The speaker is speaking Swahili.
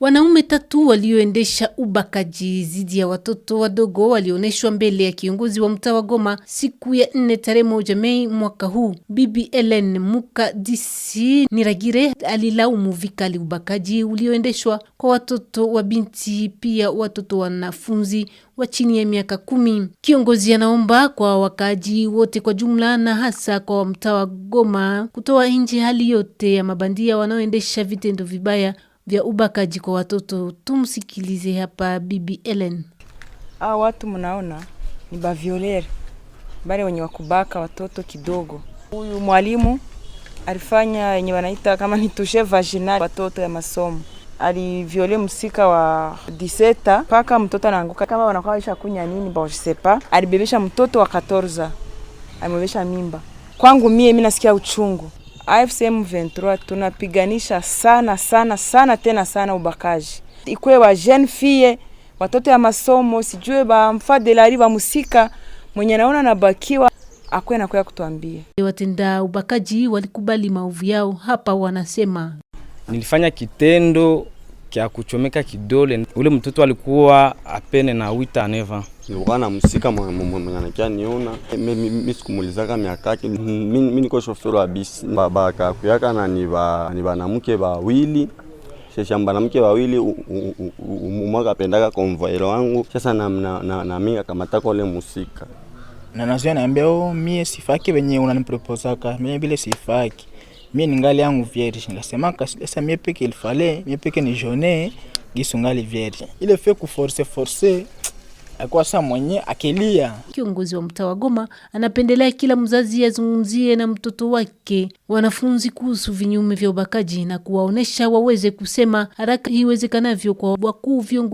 Wanaume tatu walioendesha ubakaji dhidi ya watoto wadogo walioneshwa mbele ya kiongozi wa mtaa wa Goma siku ya nne tarehe moja Mei mwaka huu. Bibi Ellen Muka Disi Niragire alilaumu vikali ubakaji ulioendeshwa kwa watoto wa binti, pia watoto wanafunzi wa chini ya miaka kumi. Kiongozi anaomba kwa wakaaji wote kwa jumla na hasa kwa mtaa wa Goma kutoa nje hali yote ya mabandia wanaoendesha vitendo vibaya vya ubakaji kwa watoto. Tumsikilize hapa Bibi Ellen. Aa, watu mnaona ni baviolere bale wenye wakubaka watoto kidogo. Huyu mwalimu alifanya yenye wanaita kama ni tushe vaginal watoto ya masomo alivyole msika wa diseta mpaka mtoto anaanguka, kama wanakuwa isha kunya nini basepa. Alibebesha mtoto wa katorza, amebesha mimba. Kwangu mie mi nasikia uchungu AFC M23 tunapiganisha sana sana sana tena sana ubakaji, ikwe wa jeune fille watoto ya masomo sijue ba mfadelari ba musika mwenye naona nabakiwa akwe na kwa kutuambia. Watenda ubakaji walikubali maovu yao hapa, wanasema nilifanya kitendo kya kuchomeka kidole. Ule mtoto alikuwa apene na wita neva nilikuwa msika mwenye anakia niona mimi sikumulizaka miakaki mm, mimi niko shofero wa bisi babaka kuyaka na ni banamke bawili shesha banamke bawili umwaka pendaka konvoyero wangu sasa nami akamataka ule musika na nazo naambia oh, mie sifaki venye unaniproposaka mimi bile sifaki mi ningali yangu vierge, ngasemaka sasa mie peke ilifale mie peke ni jone gisu ngali vierge, ile fe kuforce force akuwa sa mwenye akilia. Kiongozi wa mtaa wa Goma anapendelea kila mzazi azungumzie na mtoto wake wanafunzi kuhusu vinyume vya ubakaji na kuwaonesha waweze kusema haraka iwezekanavyo kwa wakuu viongozi.